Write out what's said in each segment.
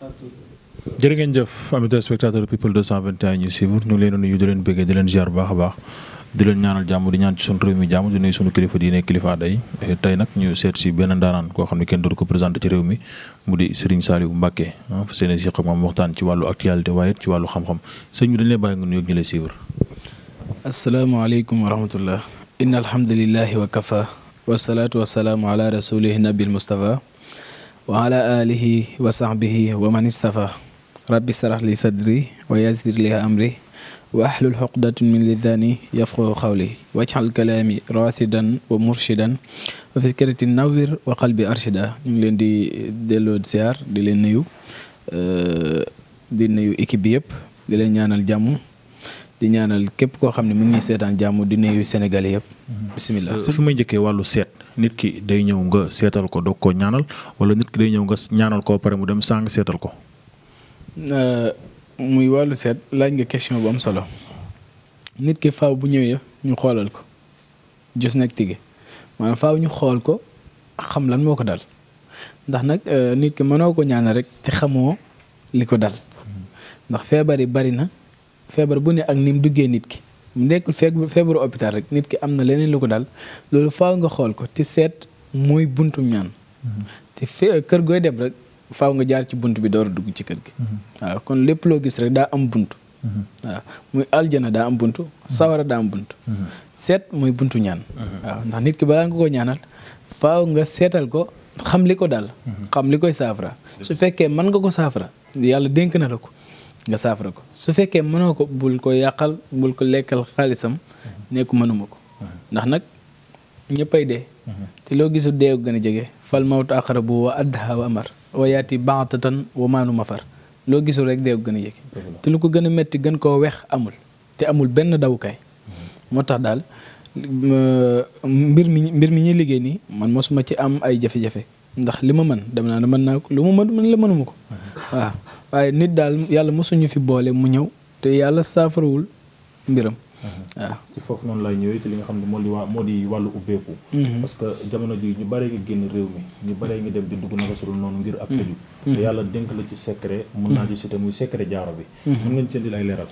jërë ngeen jëf amis téléspectateurs people 221 ñu suivre leen di nuyu di leen bëggee di leen ziar bu baax a baax di leen ñaanal jàmm di ñaan ci sunu réew mi jàmm di nuyu sunu kilifa diine kilifa day eh, tey nag ñu seet si benn ndaanaan koo xam ne kenn dootu ko présenté ci réew mi mu di Serigne Saliou Mbacké fa seen i siq moom waxtaan ci wàllu actualité waaye ci xam-xam sëñ bi dañ lay bàyyi nga nuyu ñu lay suivre. asalaamaaleykum wa rahmatullah inna alhamdulilahi wa kafa wasalaatu wasalaamu ala rasulihi nabil mustafa wa ala alihi wa sahbihi wa man istafa rabbi sarax li sadri wa yasir li amri wa ahlul xoqdatun min lisaani yafqahu xawli wajxal kalaami rasidan wa murshidan wa fikrati nawir wa qalbi arshida ñu ngi leen di delloo ziar di leen nuyu euh, di nuyu équipe bi yëpp di leen ñaanal jàmm di ñaanal képp koo xam ne mu ngi seetaan jàmm di nuyu Sénégalais yëpp. bisimilah euh, su may njëkkee wàllu seet nit ki day ñëw nga seetal ko doog ko ñaanal wala nit ki day ñëw nga ñaanal ko pare mu dem sàng seetal ko. Euh, muy wàllu seet laaj nga question bu am solo nit ki faw bu ñëwee ñu xoolal ko jos nag tige maanaam faw ñu xool ko xam lan moo ko dal ndax nag euh, nit ki mënoo ko ñaanal rek te xamoo li ko dal ndax feebar yi bari na feebar bu ne ak ni mu duggee nit ki nekkul feebaru hôpital rek nit ki am na leneen lu ko daal loolu faaw nga xool ko ti seet mooy buntum ñaan mm-hmm. te fe kër gooy dem rek faaw nga jaar ci bunt bi door a dugg ci kër gi mm-hmm. kon lépp loo gis rek daa am bunt mm-hmm. waaw muy aljana daa am bunt sawara daa seet mooy buntu ñaan waaw ndax nit ki balaa nga ko ñaanal faaw nga seetal ko xam li ko dal xam li koy saafara su fekkee mën nga ko saafara yàlla dénk na la ko nga saafara ko su fekkee mënoo ko bul ko yàqal bul ko lekkal xaalisam mhm. nekku mënuma ko mhm. ndax nag ñëppay de mhm. te loo gisul dee gën a jege fal mawtu aqrabu wa adha wa amar wa yaati baatatan wa maanu mafar loo gisul rek dee gën a jege te lu ko gën a metti gën koo weex amul te amul benn dawukaay moo tax daal mbir mi mbir mi ñuy liggéey nii man mosuma ci am ay jafe-jafe ndax li ma mën dem naa ne mën naa ko lu ma mën la mënuma ko waaw waaye nit daal yàlla mosuñu fi boole mu ñëw te yàlla saafarawul mbiram. Mhm. waaw ci foofu noonu lay ñëwee ci li nga xam ne moo di waa moo di wàllu ubbeeku. Mhm. parce que jamono ji ñu bare ngi génn réew mi ñu bare ngi dem di dugg naka su noonu ngir ak tëju. Mhm. te yàlla dénk la ci secret. mën naa di citer muy secret jaaro bi. mën nga ñu di lay leeral.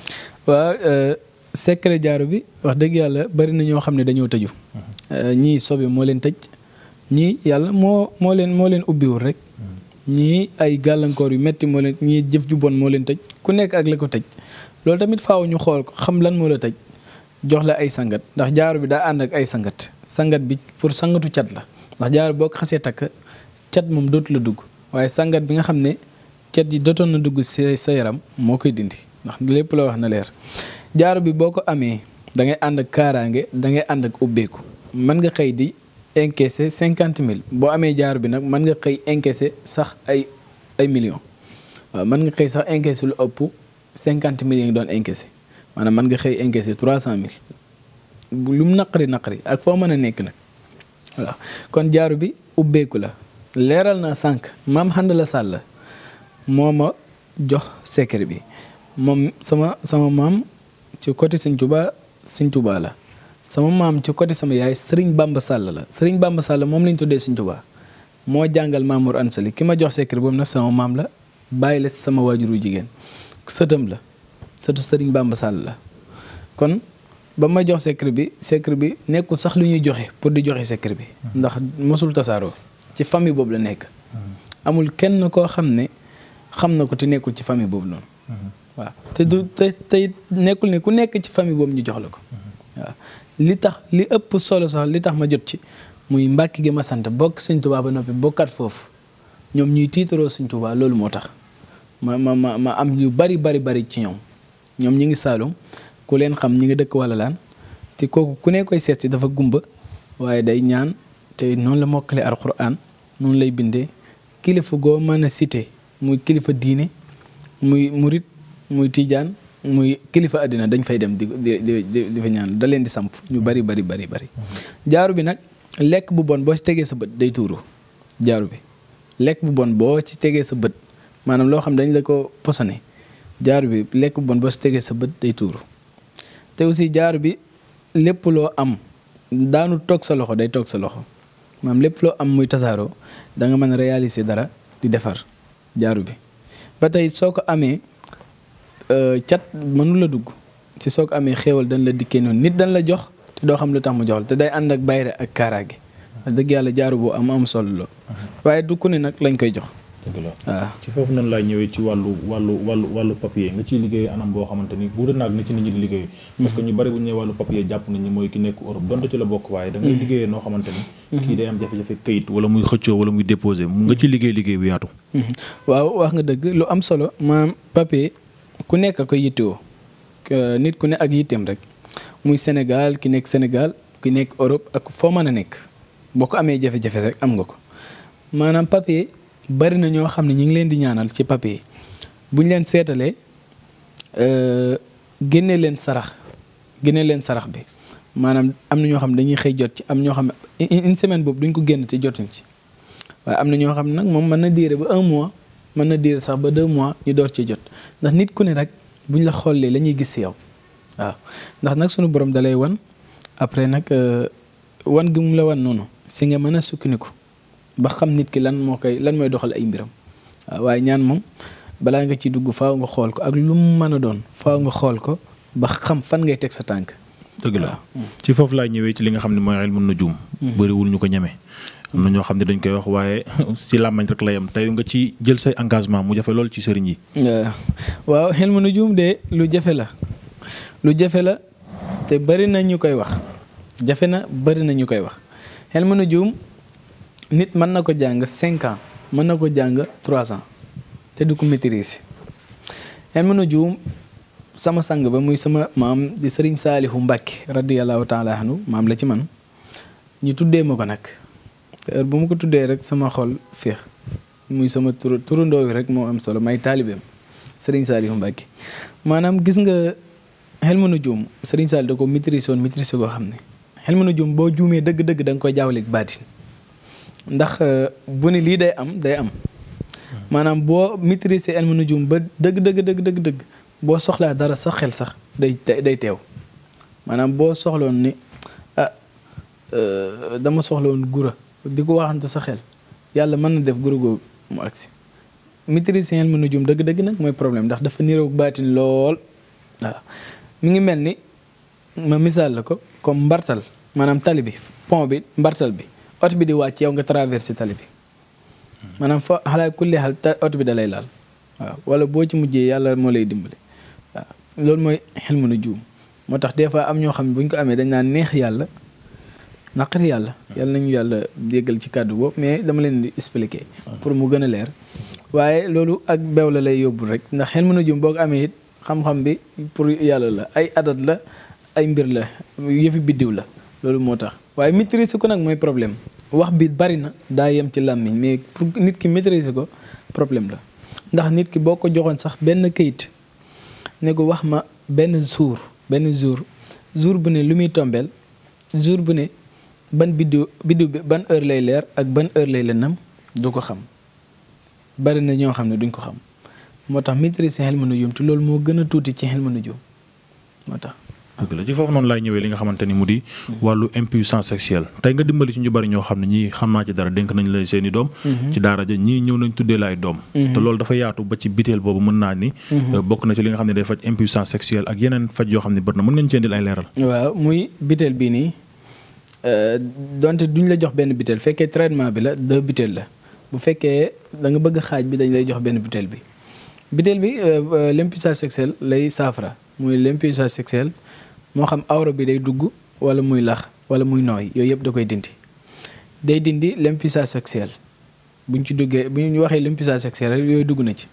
waaw euh, secret jaaro bi wax dëgg yàlla bari na ñoo xam ne dañoo tëju. Euh, ñii sobe moo leen tëj ñii yàlla moo moo leen moo leen ubbiwul rek. ñii ay gàllankoor yu metti moo leen ñii jëf ju bon moo leen tëj ku nekk ak la ko tëj loolu tamit faw ñu xool ko xam lan moo la tëj jox la ay sangat ndax jaaro bi daa ànd ak ay sangat sangat bi pour sangatu cat la ndax jaaro boo ko xasee takk cat moom dootu la dugg waaye sangat bi nga xam ne cat yi dootoon na dugg si sa yaram moo koy dindi ndax lépp la wax na leer jaaro bi boo ko amee da ngay ànd ak kaaraange da ngay ànd ak ubbeeku mën nga xëy di encaissé cinquante mille boo amee jaaro bi nag mën nga xëy encaissé sax ay ay millions waaw mën nga xëy sax encaissé lu ëpp cinquante mille yi nga doon encaissé maanaam mën nga xëy encaissé trois cent mille lu mu naqari naqari ak foo mën a nekk nag waaw kon jaaro bi ubbeeku la leeral naa sànq maam xand la sàll moo ma jox secret bi moom sama sama maam ci côté Sëñ Tuubaa Sëñ Tuubaa la sama maam ci côté sama yaay Serigne Bamba Sall la Serigne Bamba Sall moom la ñu tuddee Serigne Touba moo jàngal Mamour Anta Sali ki ma jox secret boobu nag sama maam la bàyyi la sama waajuru jigéen sëtam la sëtu Serigne Bamba Sall la kon ba ma jox secret bi secret bi nekkul sax lu ñuy joxe pour di joxe secret bi. ndax mosul tasaaroo ci famille boobu la nekk. amul kenn koo xam ne xam na ko te nekkul ci famille boobu noonu. Mm-hmm. waaw te du te tey nekkul ne ku nekk ci famille boobu ñu jox la ko mm-hmm. li tax li ëpp solo sax li tax ma jot ci muy mbàkk gi ma sant bokk sëñ Tuubaa ba noppi bokkat foofu ñoom ñuy tiitaroo sëñ Tuubaa loolu moo tax ma ma ma am yu bari bari bari ci ñoom ñoom ñi ngi Saalum ku leen xam ñi nga dëkk walla laan te kooku ku ne koy seet si dafa gumba waaye day ñaan te noonu la mokkale alxuraan noonu lay bindee kilifa goo mën a cité muy kilifa diine muy murit muy tiijaan muy kilifa àddina dañ fay dem di di di fa ñaan daleen di samp ñu bari bari bari bari jaaru bi nag lekk bu bon boo ci tegee sa bët day tuuru jaaru bi lekk bu bon boo ci tegee sa bët maanaam loo xam dañ la ko posone jaaru bi lekk bon boo tegee sa bët day tuuru te aussi jaaru bi lépp loo am daanu toog sa loxo day toog sa loxo maam lépp loo am muy tasaaroo da nga mën a réaliser dara di defar jaaru bi ba tey soo ko amee Euh, cat mënu la dugg si soo ko amee xéewal dañ la dikkee noonu nit dañ la jox te doo xam lu tax mu jox la te day ànd ak bayre ak kaaraage wax dëgg yàlla jaaru boo am solo du ku ne nag lañ koy jox. la waaw ci foofu nan laay ñëwee ci wàllu wàllu wàllu wàllu papier nga ciy liggéey boo xamante ni mhm. ni mhm. mhm. kii day am jafe-jafe kayit wala muy xëccoo wala muy déposé nga ci liggéey liggéey bu yaatu waaw wax nga dëgg lu am solo maam papier ku nekk ak yittewoo nit ku nekk ak yitteem rek muy Sénégal ki nekk Sénégal ki nekk Europe ak foo mën a nekk boo ko amee jafe-jafe rek am nga ko maanaam papier bari na ñoo xam ne ñu ngi leen di ñaanal ci papier bu ñu leen seetalee euh, génnee leen sarax génne leen sarax bi maanaam am na ñoo xam ne dañuy xëy jot ci am ñoo xam ne une semaine boobu duñ ko génn te jotuñ ci waaye am na ñoo xam ne nag moom mën na diire ba un mois. mën na diir sax ba deux mois ñu door ci jot ndax nit ku ne rek ñu la xoolee la ñuy gis si yow waaw ndax nag sunu borom dalay wan après nag euh, wan gi mu la wan noonu si nga mën a sukkandiku ba xam nit ki lan moo koy lan mooy doxal ay mbiram waaye ñaan moom balaa nga ci dugg faaw nga xool ko ak lu mën a doon faw nga xool ko ba xam fan ngay teg sa tànk. dëgg la ci foofu laay ñëwee ci li nga xam ne mooy ilmu nujum. Mm-hmm. bariwul ñu ko ñeme. am na ñoo xam ne dañ koy wax waaye si làmmañ rek la yam tey nga ci jël say engagement mu jafe lool ci sëriñ yi. waaw xel xilmu nujum de lu jafe la lu jafe la te bari na ñu koy wax jafe na bari na ñu koy wax xel xilmu nujum nit mën na ko jàng cinq ans mën na ko jàng trois ans te du ko maîtriser xilmu nujum sama sang ba muy sama maam di sëriñ Saalihu Mbàkke radiyallahu taala anhu maam la ci man ñu tuddee ma ko nag. te heure bu ma ko tuddee rek sama xol féex muy sama turu turandoo wi rek moo am solo may taalibeem Serigne Saliou Mbacké maanaam gis nga xelmu nu juum Serigne Saliou da ko maîtrise woon maîtrise xam ne xelmu nu juum boo juumee dëgg-dëgg da koy jaawaleeg baatin ndax euh, bu ni lii day am day am maanaam boo maîtrise xelmu nu juum ba dëgg dëgg dëgg dëgg boo soxlaa dara sax xel sax day day teew maanaam boo soxloon ni ah, euh, dama soxla gura di ko waxantu sa xel yàlla mën na def gurgoo mu agsi maîtriser mu na jum dëgg-dëgg nag mooy problème ndax dafa niroog baatin lool waaw ngi mel ni ma misaal ko comme mbartal maanaam tali bi pont bi mbartal bi oto bi di wàcc yow nga traversé tali bi maanaam fa xalaat kulli xal oto bi da lay laal waaw wala boo ci mujjee yàlla moo lay dimbale loolu mooy xel mën nu juum moo tax des fois am ñoo xam ne bu ñu ko amee dañ naan neex yàlla naqar yàlla yàlla nañu yàlla déggal ci kàddu boobu mais dama leen di expliquer pour mu gën a leer waaye loolu ak beew la lay yóbbul rek ndax xel mën a jum boo ko amee it xam-xam bi pour yàlla la ay adat la ay mbir la yëfi biddiw la loolu moo tax waaye maîtriser ko nag mooy problème wax bi bari na daa yem ci làmmiñ mais pour nit ki maîtriser ko problème la ndax nit ki boo ko joxoon sax benn kayit ne ko wax ma benn jour benn jour jour bu ne lu muy tombeel jour bu ne ban biddiw biddiw bi ban heure lay leer ak ban heure lay lëndëm du ko xam bari na ñoo xam ne duñ ko xam moo tax maîtriser xelmu nujum te loolu moo gën a tuuti ci xelmu nujum moo tax. dëgg la ci foofu noonu ñëwee li nga xamante ni mu di wàllu impuissance sexuelle tey nga dimbali ci ñu bari ñoo xam ne ñii xam naa ci dara dénk nañ la seeni doom mhm. ci daara ja ñii ñëw nañ tuddee la ay doom mhm. te loolu dafa yaatu ba ci biteel boobu mën naa ni mhm. euh, bokk na ci li nga xam ne day faj impuissance sexuelle ak yeneen faj yoo xam ne bari na mën nga ñu ci indil ay Euh, donte duñ la jox benn butéel fekkee traitement bi la deux butéel la bu fekkee da nga bëgg xaaj bi dañ lay jox benn butéel bi butéel bi euh, euh, l'impuissance sexuelle lay saafara muy l'impuissance sexuelle moo xam awra bi day dugg wala muy lax wala muy nooy yooyu yëpp da koy dindi day dindi l'impuissance sexuelle buñ ci duggee bu ñu waxee l'impuissance sexuelle yooyu dugg na ci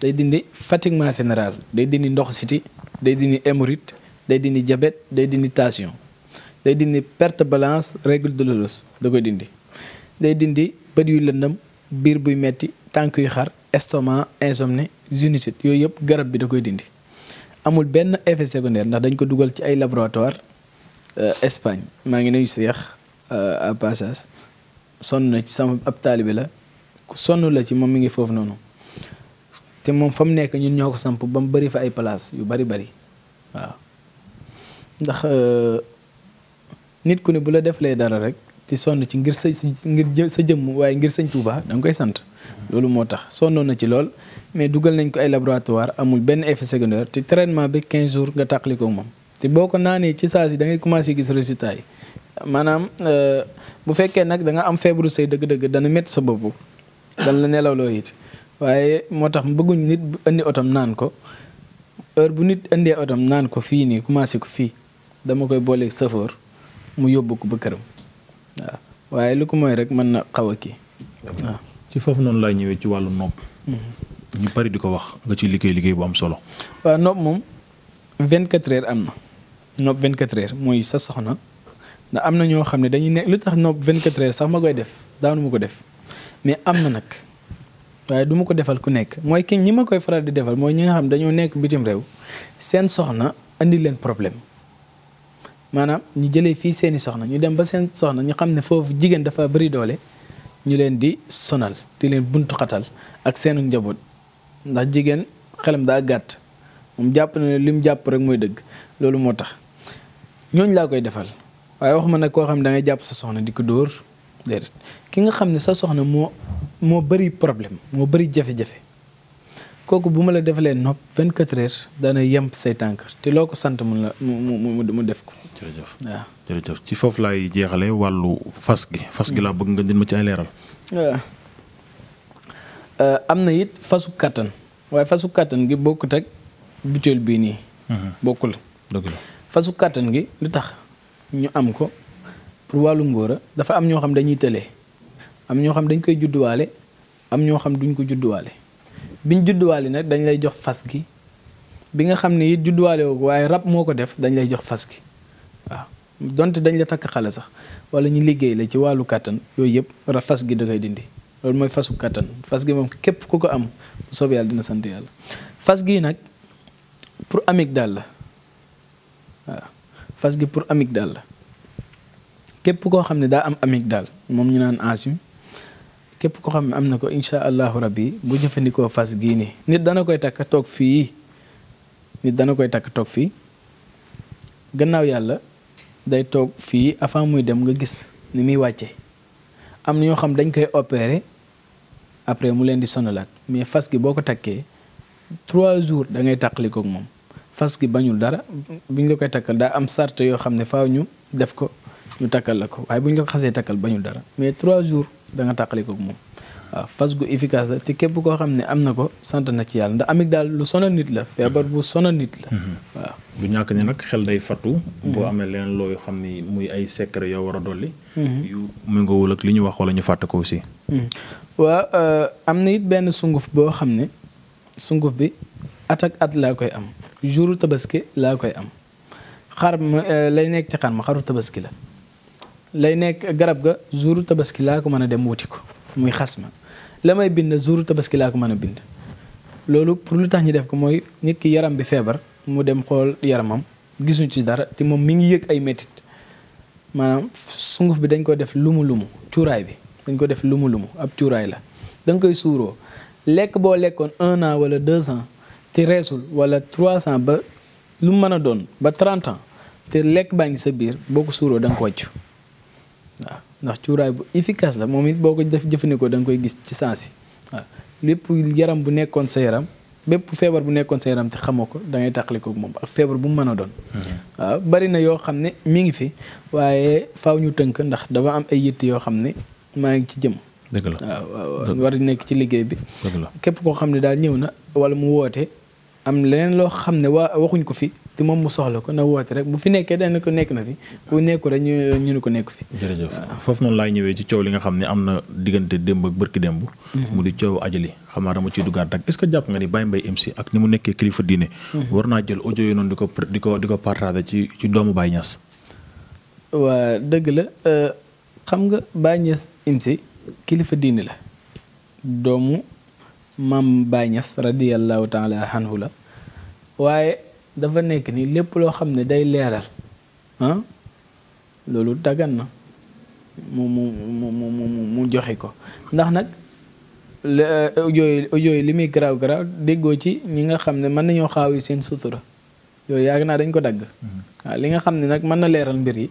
day dindi fatiguement général day dindi ndox siti day dindi hémorroïde day dindi jabet day dindi tension day dindi perte balance de douloureuse da koy dindi day dindi bët yu lëndëm biir buy metti tànk yu xar estomac insomnie sinusite yooyu yëpp garab bi da koy dindi amul benn effet secondaire ndax dañ ko dugal ci ay laboratoire euh, Espagne maa ngi nuyu Seex euh, à passage sonn na ci sama ab taalibe la ku sonn la ci moom mi ngi foofu noonu te moom fa mu nekk ñun ñoo ko samp ba mu bari fa ay place yu bari bari waaw ndax euh, nit ku ne bu la deflee dara rek ci sonn ci ngir sa ngir sa jëmm waaye ngir sëñ Touba da nga koy sant. loolu moo tax sonnoon na ci lool mais dugal nañ ko ay laboratoire amul benn effet secondaire te traitement bi quinze jours nga tàqali ko moom. te boo ko naanee ci saa si da ngay commencé gis résultat yi maanaam euh, bu fekkee nag danga am feebaru say dëgg-dëgg dana métti sa bopp dana la loo it waaye moo tax bëgguñ nit bu indi otom naan ko heure bu nit indee otom naan ko fii nii commencé ko fii dama koy booleeg safoor mu yóbbu ko ba këram waaw waaye lu ko mooy rek mën na xaw a kii waaw. ci foofu noonu laay ñëwee ci wàllu nopp. Mhm. ñu bari di ko wax nga ci liggéey liggéey bu am solo. waaw nopp moom 24 heures am na nopp 24 heures mooy sa soxna ndax am na ñoo xam ne dañuy nekk lu tax nopp 24 heures sax ma koy def daanu ma ko def mais am na nag waaye duma ko defal ku nekk mooy ki ñi ma koy faral di defal mooy ñi nga xam dañoo nekk bitim réew seen soxna andi leen problème. maanaam ñu jëlee fii seeni soxna ñu dem ba seen soxna ñu xam ne foofu jigéen dafa bari doole ñu leen di sonal di leen buntu xatal ak seenu njaboot ndax jigéen xelam daa gàtt moom jàpp na ne lim jàpp rek mooy dëgg loolu moo tax ñooñu laa koy defal waaye ma nag koo xam ne da jàpp sa soxna di ko dóor ki nga xam ne sa soxna moo moo bari problème moo bari jafe-jafe kooku bu ma la defalee nopp 24 heures dana yemp say tànk te loo ko sant mun la mu mu mu def ko. jërëjëf ci foofu lay jeexale wàllu fas gi fas gi laa bëgg nga jël ma ci ay leeral. Euh, am na it fasu kattan waaye fasu kattan gi bokk teg butéel bii nii. Mhm. bokkul. dëgg la fasu kattan gi lu tax ñu am ko pour wàllu ngóor dafa am ñoo xam dañuy tële am ñoo xam dañ koy judduwaale am ñoo xam duñ ko judduwaale. biñ judduwaale nag dañ lay jox fas gi bi nga xam ne it judduwaale waaye rab moo ko def dañ lay jox fas gi waaw donte dañ la takk xale sax wala ñu liggéey la ci wàllu kàttan yooyu yëpp ra fas gi da dindi loolu mooy fasu kàttan fas gi moom képp ku ko am bu yàlla dina sant yàlla fas gi nag pour amygdale la waaw fas gi pour amygdale la képp koo xam ne daa am daal moom ñu naan asthme képp ko xam ne am na ko incha allahu rabbi bu jëfandikoo fas gii nii nit dana koy takk toog fii nit dana koy takk toog fii gannaaw yàlla day toog fii avant muy dem nga gis ni muy wàcce am na ñoo xam dañ koy opérer après mu leen di sonalaat mais fas gi boo ko takkee trois jours da ngay tàqalikook moom fas gi bañul dara bi ñu koy takkal daa am sart yoo xam ne faaw ñu def ko ñu takkal la ko waaye bu ñu la ko xasee takkal ñu dara mais trois jours danga nga tàqali ko moom waaw fas gu efficace la te képp koo xam ne am na ko sant na ci yàlla ndax amygdale lu sonal nit la feebar bu sonal nit la mhm. waaw du ñàkk ne nag xel day fattu mhm. boo amee leneen looyu xam ne muy ay secret yoo war a dolli mhm. yu méngoowul ak li ñu wax wala ñu fàtte ko aussi waaw euh, am na it benn sunguf boo xam ne sunguf bi at ak at laa koy am jour tabaski laa koy am xar ma euh, lay nekk ci xar tabaski la lay nekk garab ga jour tabaski laa ko mën a dem wuti ko muy xas ma la may bind jour tabaski laa ko mën a bind. loolu pour lu tax ñu def ko mooy nit ki yaram bi feebar mu dem xool yaramam gisuñ ci dara te moom mi ngi yëg ay métit maanaam sunguf bi dañ ko def lumu lumu cuuraay bi dañ ko def lumu lumu ab cuuraay la da koy suuroo lekk boo lekkoon un an wala deux ans te reesul wala trois ans ba lu mën a doon ba trente ans te lekk baa ngi sa biir boo ko suuroo da waaw ndax cuuraay bu efficace la moom it boo ko def jëfandikoo danga koy gis ci sens yi waaw lépp yaram bu nekkoon sa yaram bépp feebar bu nekkoon sa yaram te xama ko da ngay tàqalikoo moom ak feebar bu mu mën a doon. Mm-hmm. waaw bari na yoo xam ne mi ngi fi waaye faw ñu tënk ndax dafa am ay yitt yoo xam ne maa ngi ci jëm. dëgg waaw war nekk ci liggéey bi. képp koo xam ne daal ñëw na wala mu woote am leneen loo xam ne waa waxuñ ko fi. te moom mu soxla ko na woote rek bu fi nekkee dana ko nekk na fi bu nekku rek ñu ñu ko nekku fi. jërëjëf foofu noonu laay ñëwee ci coow li nga xam ne am na diggante démb ak bërki démb. Mhm. mu di coow ajali xam naa dama ci duggaat rek est ce que jàpp nga ni Baye Mbaye MC ak mhm. jël audio yi noonu di ko di ko di ko partager ci ci doomu Baye Niass. waa dëgg la euh, xam nga Baye Niass MC kilifa diine la doomu maam Baye Niass radiyallahu taala anhu la waaye. dafa nekk ni lépp loo xam ne day leeral ah, loolu dagan na mu mu mu mu mu joxe ko ndax nag eh, audio yi audio yi li muy garaaw garaaw déggoo ci ñi nga xam ne mën nañoo xaawi seen sutura yooyu yaakaar naa dañ ko dagg. Mm-hmm. waaw li nga xam ne nag mën na leeral mbir yi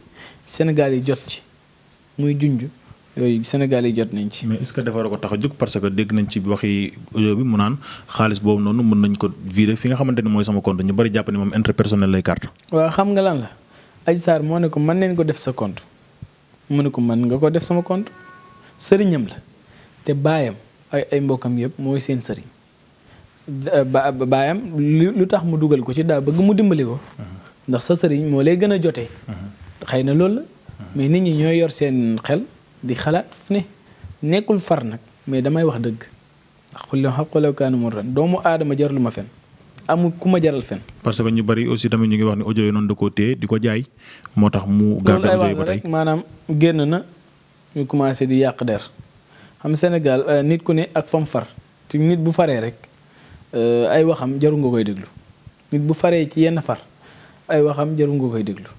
Sénégal yi jot ci muy junj. yooyu Sénégal yi jot nañ ci. mais est-ce que defaroo ko tax a jóg parce que dégg nañ ci waxi audio bi mu naan xaalis boobu noonu mën nañ ko virer fi nga xamante ni mooy sama compte ñu bari jàpp ni moom intérêt personnel lay carte. waaw xam nga lan la. Adji Sarr moo ne ko mën neen ko def sa compte mu ne ko mën nga ko def sama compte sëriñam te baayam ay mbokkam yëpp mooy seen sëriñ ba baayam lu tax mu dugal ko ci daa bëgg mu dimbali ko. ndax sa sëriñ moo lay gën a jotee. xëy na loolu la. mais nit ñi ñooy yor seen xel. di xalaat fu ne nekkul far nag mais damay wax dëgg ndax xul xaqu law kaana murran doomu aadama lu ma fen amul ku ma jaral fen parce que ñu bari aussi tamit ñu ngi wax ne audio yi noonu da koo téye di ko jaay moo tax mu garde audio yi ba tey maanaam génn na ñu commencé di yàq der xam Sénégal euh, nit ku ne ak fam far te nit bu faree rek euh, ay waxam jaru nga koy déglu nit bu faree ci yenn far ay waxam jaru nga koy déglu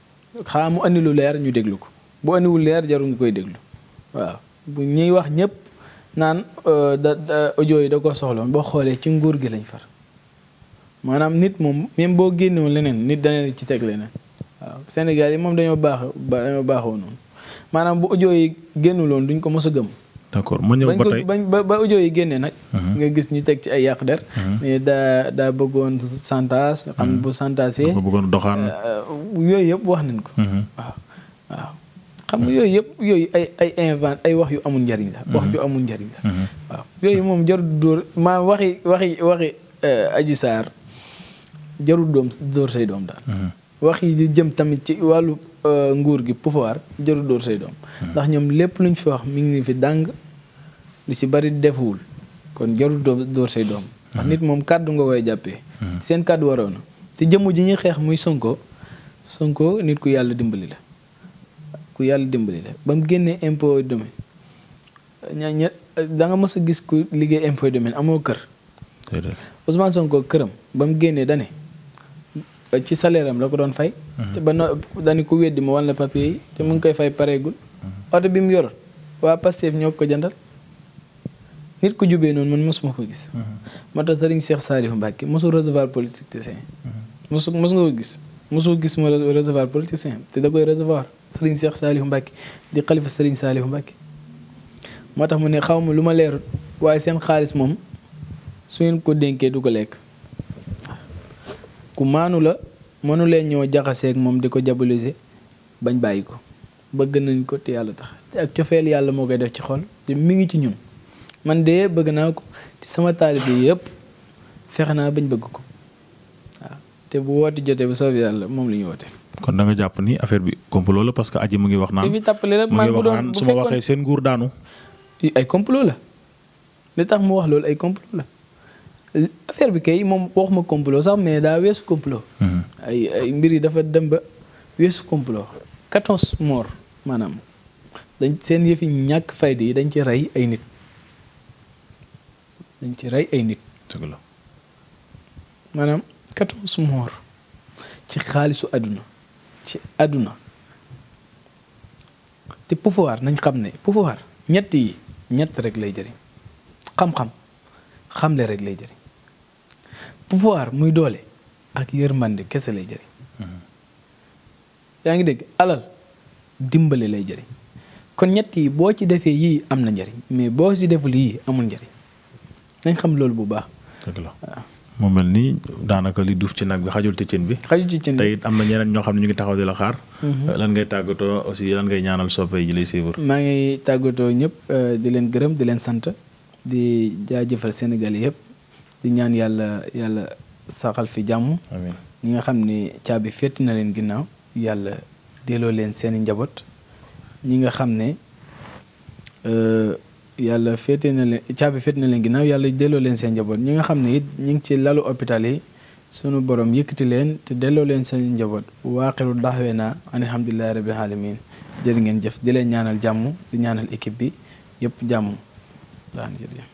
xaa mu andi lu leer ñu déglu ko bu andiwul leer jaru koy déglu waaw bu ñuy wax ñëpp naan euh, da audio yi da ko soxloon boo xoolee ci nguur gi lañ far maanaam nit moom même boo génnewoon leneen nit dana ci teg leneen waaw Sénégal yi moom dañoo baax dañoo baaxoo noonu maanaam bu audio yi génnuloon duñ ko mos a gëm. d'accord ma ñëw ba ba ba audio yi génnee nag. Mhm. nga gis ñu teg ci ay yàq der. Mhm. mais daa daa bëggoon santas xam mhm. bu santasee. bëggoon doxaan. Euh, yooyu yëpp wax nañ ko. waaw. xam nga yooyu yëpp yooyu ay ay invent ay wax yu amul njariñ la wax ju mhm. amul njariñ la mhm. waaw yooyu moom jarul dóor maa waxi waxi waxi euh, aji saar jarul doom dóor say doom daal mhm. wax yi di jëm tamit ci wàllu euh, nguur gi pouvoir jarul dóor say doom ndax ñoom lépp luñ fi wax mi ngi fi dàng lu si bari defuwul kon jarul dóor dóor say doom ndax nit moom kàddu nga koy jàppee seen kàddu waroon te jëmm ji ñuy xeex muy sonko sonko nit ku yàlla dimbali la ku yàlla dimbali la ba mu génnee impôt domaine ña ña da nga a gis ku liggéey impôt domaine amoo kër. Ousmane Sonko këram ba mu génnee dane ci saleeram am la ko doon fay. Mhm. te ba no dani ku weddi ma wan la yi te mu ngi koy fay pareegul. Mhm. oto bi mu yor waa Pastef ñoo ko jëndal. nit ku jubee noonu man mosuma ko gis. Mhm. moo tax Serigne Cheikh Saliou Mbacke mosul recevoir politique te sañ. mosu mos nga ko gis. mosoo gis ma recevoir politicien te da koy recevoir Serigne seex Saliou Mbacke di xalifa Serigne Saliou Mbacke moo tax mu ne xaw ma lu ma leerut waaye seen xaalis moom su ngeen ko dénkee du ko lekk ku maanu la mënu leen ñoo jaxaseeg moom di ko diaboliser bañ bàyyi ko bëgg nañ ko te yàlla tax te ak cofeel yàlla moo koy def ci xol te mi ngi ci ñun man de bëgg naa ko ci sama taalib yi yëpp fexe naa bañ bëgg ko te bu woote jotee bu soobee yàlla moom la ñu woote. kon da nga jàpp ni affaire bi complot la parce que aji mu ngi wax naan. fi tàppale la man bu doon ma ay complot la li tax mu wax loolu ay complot la affaire bi kay moom waxuma complot sax mais daa weesu complot. Mhm. ay ay mbir yi dafa dem ba weesu complot. 14 morts maanaam dañ seen yëfi ñàkk fayda yi dañ ci rey ay nit dañ ci rey ay nit. maanaam. quatorze moor ci xaalisu àdduna ci àdduna te pouvoir nañ xam ne pouvoir ñett yi ñett rek lay jëriñ xam-xam xamle rek lay jëriñ pouvoir muy doole ak yërmande kese lay jëriñ yaa ngi dégg alal dimbale lay jëriñ kon ñett yi boo ci defee yii am na njariñ mais boo ci deful yii amul njariñ nañ xam loolu bu baax. mu mel ni daanaka li duuf ci nag bi xajul ci cin bi. xajul ci cin bi te am na ñeneen ñoo xam ne ñu ngi taxaw di la xaar. Mhm. lan ngay tàggatoo aussi lan ngay ñaanal soppe yi lay suivre. maa ngi tàggatoo ñëpp euh, di leen gërëm di leen sant di jaajëfal Sénégal yëpp di ñaan yàlla yàlla saxal fi jàmm. amiin ñi nga xam ne caabi fétti na leen ginnaaw yàlla delloo leen seeni njaboot ñi nga xam ne. Euh, yàlla féete na leen caabi féete na leen ginnaaw yàlla delloo leen seen njaboot ñi nga xam ne it ñu ngi ci lalu hôpital yi sunu borom yëkkati leen te delloo leen seen njaboot waaxiru daxwee naa alhamdulilahi rabbil alamin jël ngeen jëf di leen ñaanal jàmm di ñaanal équipe bi yëpp jàmm.